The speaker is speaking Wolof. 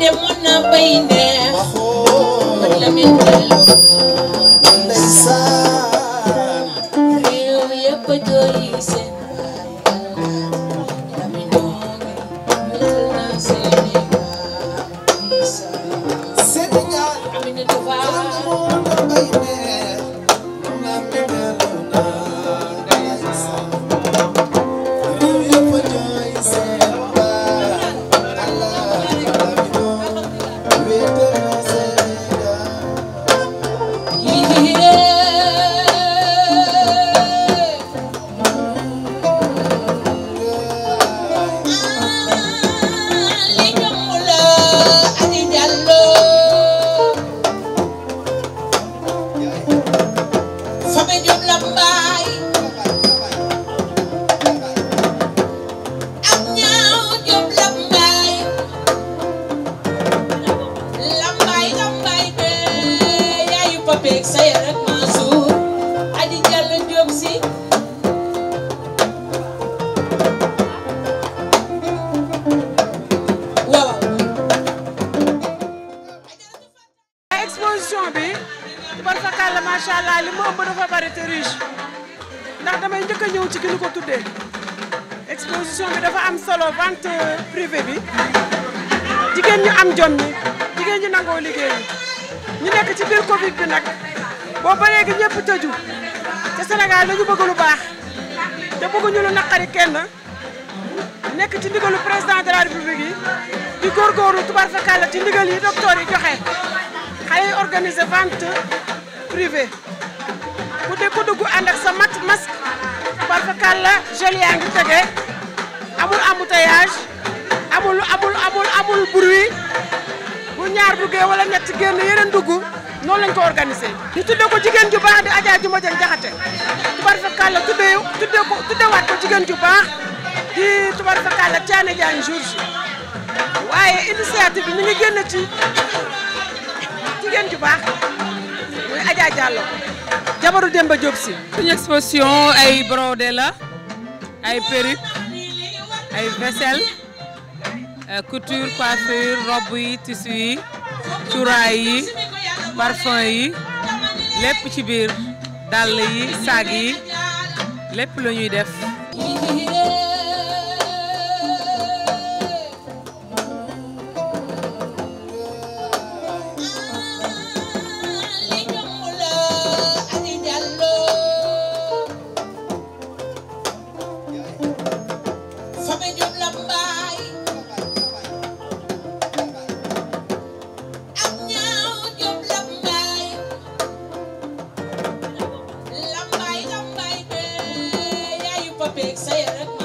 demoon na bay neex man la min delloo ndeysaan réew yëpp a jooy seen Senegal Aminata Fall lầm barfakal la macha allah li mu ëmb dafa bari te riche ndax damay njëkk a ñëw ci ki ñu ko tuddee exposition bi dafa am solo vente privée bi jigéen ñu am jom ñi jigéen ñu nangoo liggéey ñi ñu nekk ci biir Covid bi nag boo ba léegi ñëpp tëju te Sénégal dañu bëgg lu baax te bëgguñu lu naqari kenn nekk ci ndigalu président de la république yi di góorgóorlu tubarfakal la ci ndigal yi docteur yi joxe. xale yi organiser vente privée ku de ku dugg ànd sa mat masque parce que la gel yaa tege amul embouteillage amul amul amul amul bruit bu ñaar duggee wala ñett génn yeneen dugg noonu lañ ko organiser. ñu tudde ko jigéen ju baax di ko tuddewaat ko jigéen ju baax di tubarfakala Thiané Diagne Georges waaye initiative bi mi ngi génn ci. jigéen ju bax muy Adja Diallo jabaru Demba Diop si suñu exposition ay brodé la ay perruque ay vaisselle euh, couture coiffure robe yi tissu yi cuuraay yi parfum yi lepp ci bir dal yi sag yi lepp la ñuy def What Pig, say it.